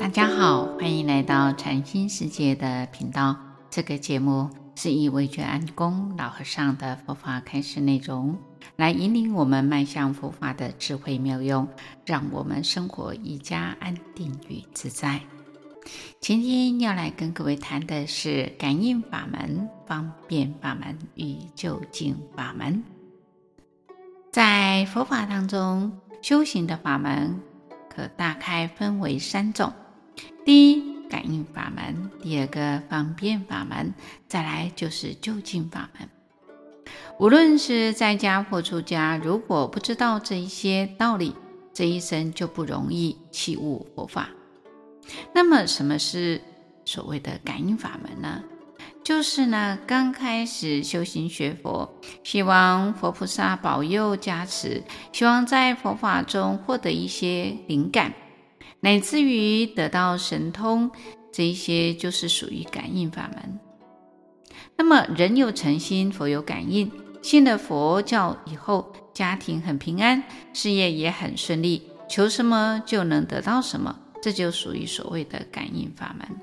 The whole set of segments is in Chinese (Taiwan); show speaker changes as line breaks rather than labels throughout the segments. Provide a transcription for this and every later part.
大家好，歡迎來到禪心世界的頻道。這個節目是以惟覺安公老和尚的佛法開示內容，來引領我們邁向佛法的智慧妙用，讓我們生活更加安定與自在。今天要來跟各位談的是感應法門、方便法門與究竟法門。在佛法當中，修行的法門可大概分為三種。第一，感應法門，第二個方便法門，再來就是究竟法門。無論是在家或出家，如果不知道這一些道理，這一生就不容易契悟佛法。那麼，什麼是所謂的感應法門呢？就是呢，剛開始修行學佛，希望佛菩薩保佑加持，希望在佛法中獲得一些靈感。乃至於得到神通，這一些就是屬於感應法門。那麼，人有誠心，佛有感應。信了佛教以後，家庭很平安，事業也很順利，求什麼就能得到什麼，這就屬於所謂的感應法門。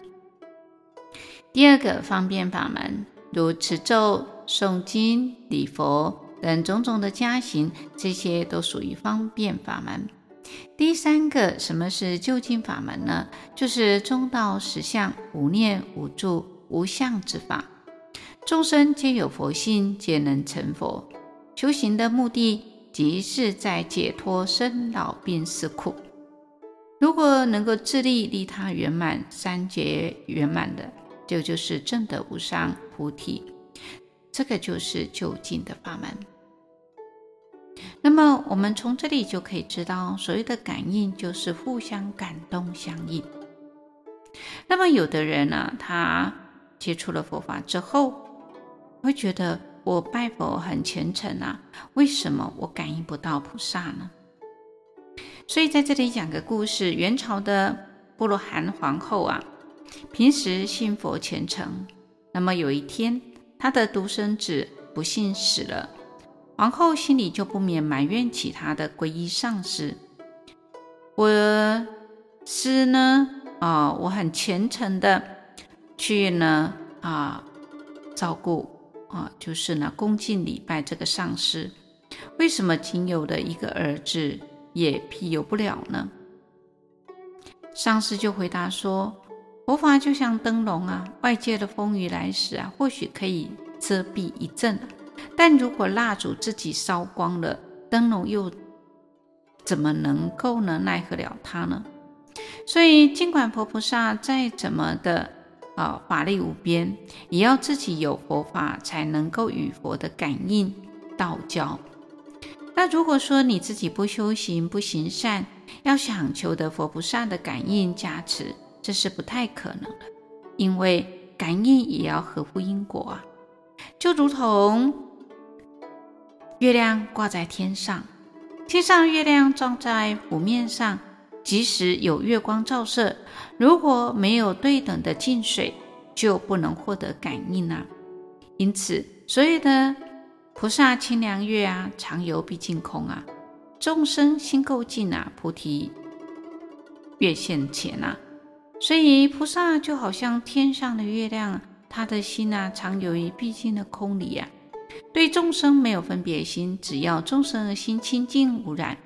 第二個方便法門，如持咒、誦經、禮佛等種種的加行，這些都屬於方便法門。第三個，什麼是究竟法門呢？就是中道實相，無念、無住、無相之法。眾生皆有佛性，皆能成佛。修行的目的，即是在解脫生老病死苦。如果能夠自利利他圓滿，三覺圓滿的，就就是證得無上菩提。這個就是究竟的法門。那麼我們從這裡就可以知道，所謂的感應就是互相感動相應。那麼有的人呢、啊，他接觸了佛法之後，會覺得我拜佛很虔誠啊，為什麼我感應不到菩薩呢？所以在這裡講個故事：元朝的不魯罕皇後啊，平時信佛虔誠。那麼有一天，她的獨生子不幸死了。皇后心裡就不免埋怨起她的皈依上師，我，我師呢啊，我很虔誠的去呢啊，照顧啊，就是呢恭敬禮拜這個上師，為什麼僅有的一個兒子也庇佑不了呢？上師就回答說：佛法就像燈籠啊，外界的風雨來時啊，或許可以遮蔽一陣。但如果蠟燭自己燒光了，燈籠又怎麼能夠呢？奈何了它呢？所以，盡管佛菩薩再怎麼的，啊、哦，法力無邊，也要自己有佛法，才能夠與佛的感應道交。那如果說你自己不修行、不行善，要想求得佛菩薩的感應加持，這是不太可能的，因為感應也要合乎因果啊，就如同。月亮掛在天上，天上月亮照在湖面上，即使有月光照射，如果沒有對等的淨水，就不能獲得感應啊，因此，所有的菩薩清涼月啊，常遊畢竟空啊，眾生心垢淨啊，菩提月現前啊。所以，菩薩就好像天上的月亮，他的心啊，常遊於畢竟的空裡啊。對眾生沒有分別心，只要眾生的心清淨無染，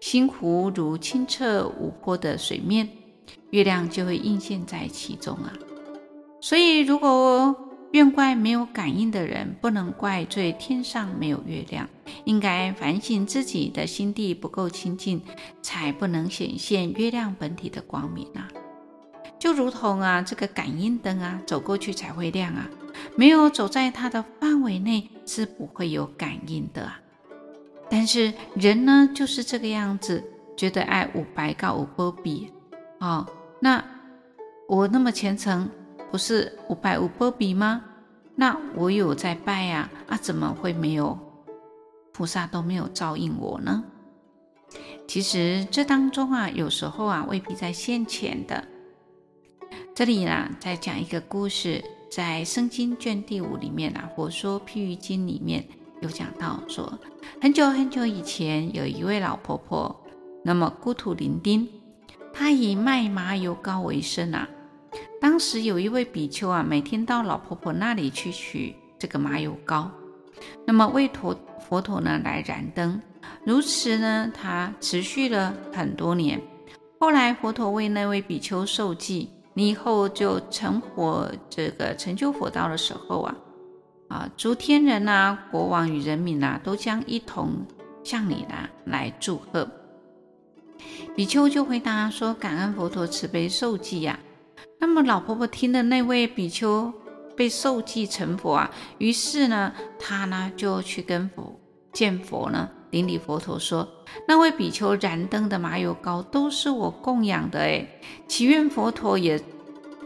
心湖如清澈無波的水面，月亮就會映現在其中啊。所以，如果怨怪沒有感應的人，不能怪罪天上沒有月亮，應該反省自己的心地不夠清淨，才不能顯現月亮本體的光明啊。就如同啊，這個感應燈啊，走過去才會亮啊。沒有走在他的範圍內，是不會有感應的、啊。但是人呢，就是這個樣子，覺得愛有燒香有保庇，哦，那我那麼虔誠，不是有拜有保庇嗎？那我有在拜啊，啊，怎麼會沒有菩薩都沒有照應我呢？其實這當中啊，有時候啊，未必在現前的。這裡呢、啊，再講一個故事。在《生經》卷第五裡面啊，《佛說譬喻經》裡面有講到說，說很久很久以前，有一位老婆婆，那麼孤苦伶仃，她以賣麻油膏為生啊。當時有一位比丘啊，每天到老婆婆那裡去取這個麻油膏，那麼為佛佛陀呢來燃燈，如此呢，他持續了很多年。後來佛陀為那位比丘授記。你以後就成佛，這個成就佛道的時候啊，啊，諸天人呐、啊、國王與人民呐、啊，都將一同向你啦來祝賀。比丘就回答說：“感恩佛陀慈悲授記呀。”那麼老婆婆聽了那位比丘被授記成佛啊，於是呢，她呢就去跟佛見佛呢。頂禮佛陀說：“那位比丘燃燈的麻油膏都是我供養的誒，哎，祈願佛陀也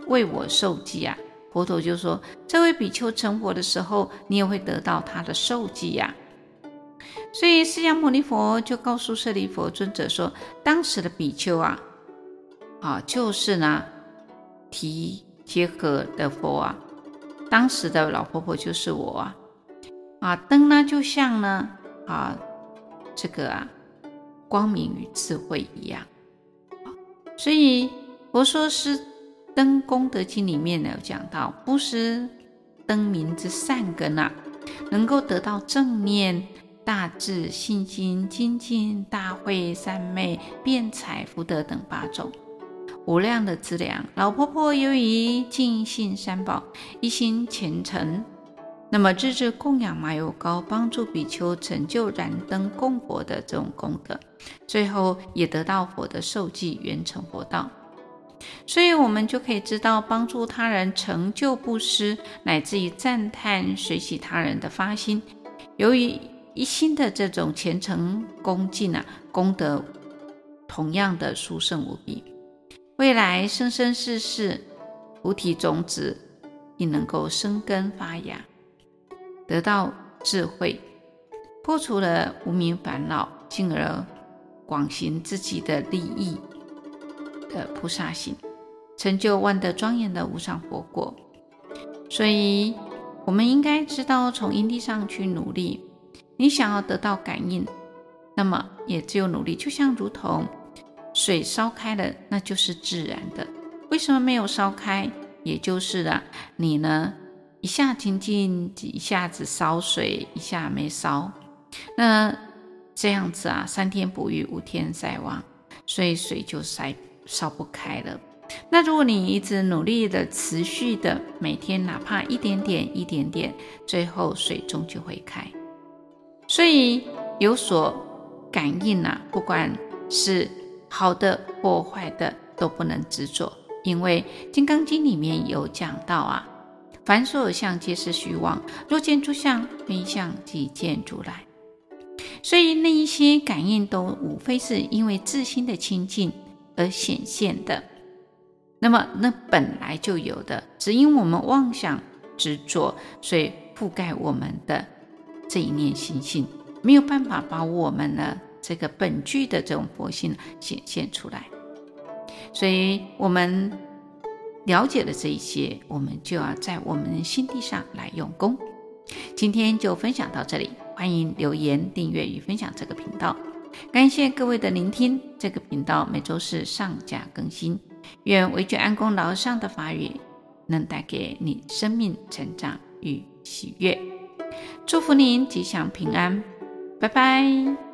為我授記呀。”佛陀就說：“這位比丘成佛的時候，你也會得到他的授記呀。”所以釋迦牟尼佛就告訴舍利弗尊者說：“當時的比丘啊，啊，就是呢提惒竭的佛啊，當時的老婆婆就是我啊，啊，燈呢就像呢啊。”這個啊，光明與智慧一樣，所以《佛說施燈功德經》裡面呢有講到，布施燈明之善根啊，能夠得到正念、大智、信心、精進、大慧、三昧、辯才、福德等八種無量的資糧。老婆婆由於敬信三寶，一心虔誠。那麼，日日供養麻油膏，幫助比丘成就燃燈供佛的這種功德，最後也得到佛的授記，圓成佛道。所以，我們就可以知道，幫助他人成就布施，乃至於讚歎隨喜他人的發心，由於一心的這種虔誠恭敬啊，功德同樣的殊勝無比，未來生生世世菩提種子你能夠生根發芽。得到智慧，破除了無明煩惱，進而廣行自己的利益的、呃、菩薩行，成就萬德莊嚴的無上佛果。所以，我們應該知道從因地上去努力。你想要得到感應，那麼也只有努力。就像如同水燒開了，那就是自然的。為什麼沒有燒開？也就是了，你呢？一下停進，一下子燒水，一下沒燒，那這樣子啊，三天捕魚，五天曬網，所以水就塞燒不開了。那如果你一直努力的、持續的，每天哪怕一點點、一點點，最後水終究會開。所以有所感應吶、啊，不管是好的或壞的，都不能執着，因為《金剛經》裡面有講到啊。凡所有相，皆是虛妄。若見諸相非相，即見如來。所以那一些感應都無非是因為自心的清淨而顯現的。那麼那本來就有的，只因我們妄想執着，所以覆蓋我們的這一念心性，沒有辦法把我們的這個本具的這種佛性顯現出來。所以我們。了解了這一些，我們就要在我們心地上來用功。今天就分享到這裡，歡迎留言、訂閱與分享這個頻道。感謝各位的聆聽，這個頻道每周四上架更新。願惟覺安公老和尚的法語能帶給你生命成長與喜悅，祝福您吉祥平安，拜拜。